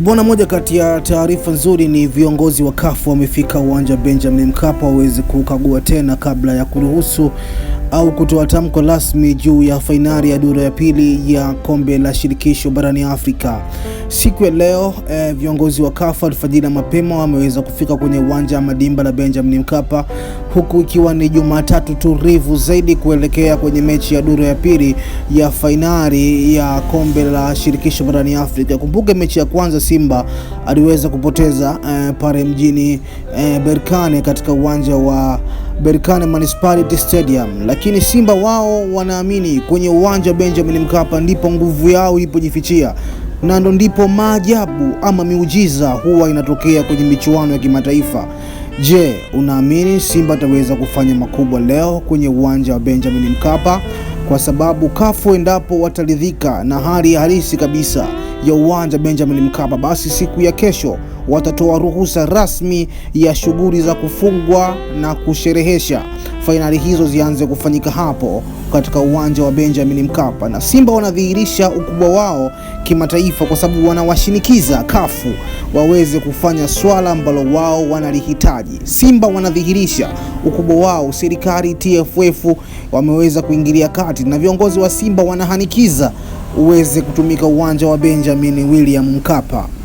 Bwana, moja kati ya taarifa nzuri ni viongozi wa CAF wamefika uwanja wa Benjamin Mkapa waweze kukagua tena kabla ya kuruhusu au kutoa tamko rasmi juu ya fainali ya dura ya pili ya kombe la shirikisho barani Afrika. Siku ya leo eh, viongozi wa CAF alfajiri mapema wameweza kufika kwenye uwanja wa Madimba la Benjamin Mkapa, huku ikiwa ni Jumatatu rivu zaidi kuelekea kwenye mechi ya duru ya pili ya fainali ya kombe la shirikisho barani Afrika. Kumbuke mechi ya kwanza Simba aliweza kupoteza eh, pale mjini eh, Berkane katika uwanja wa Berkane Municipality Stadium, lakini Simba wao wanaamini kwenye uwanja wa Benjamin Mkapa ndipo nguvu yao ilipojifichia na ndo ndipo maajabu ama miujiza huwa inatokea kwenye michuano ya kimataifa. Je, unaamini Simba ataweza kufanya makubwa leo kwenye uwanja wa Benjamin Mkapa? Kwa sababu kafu endapo wataridhika na hali halisi kabisa ya uwanja Benjamin Mkapa, basi siku ya kesho watatoa ruhusa rasmi ya shughuli za kufungwa na kusherehesha fainali hizo zianze kufanyika hapo katika uwanja wa Benjamin Mkapa, na Simba wanadhihirisha ukubwa wao kimataifa, kwa sababu wanawashinikiza kafu waweze kufanya swala ambalo wao wanalihitaji. Simba wanadhihirisha ukubwa wao, serikali TFF wameweza kuingilia kati na viongozi wa Simba wanahanikiza uweze kutumika uwanja wa Benjamin William Mkapa.